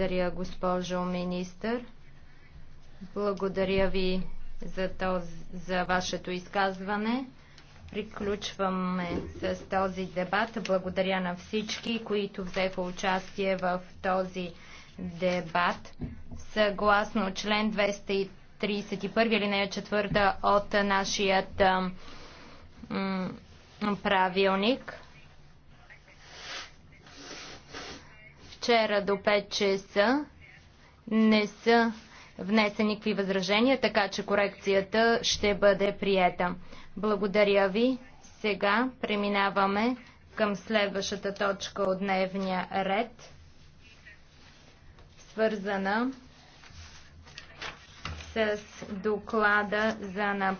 Благодаря, госпожо министър. Благодаря ви за, този, за вашето изказване. Приключваме с този дебат. Благодаря на всички, които взеха участие в този дебат. Съгласно член 231 или не 4 от нашият правилник, вчера до 5 часа не са внесени никакви възражения, така че корекцията ще бъде приета. Благодаря ви. Сега преминаваме към следващата точка от дневния ред, свързана с доклада за напред.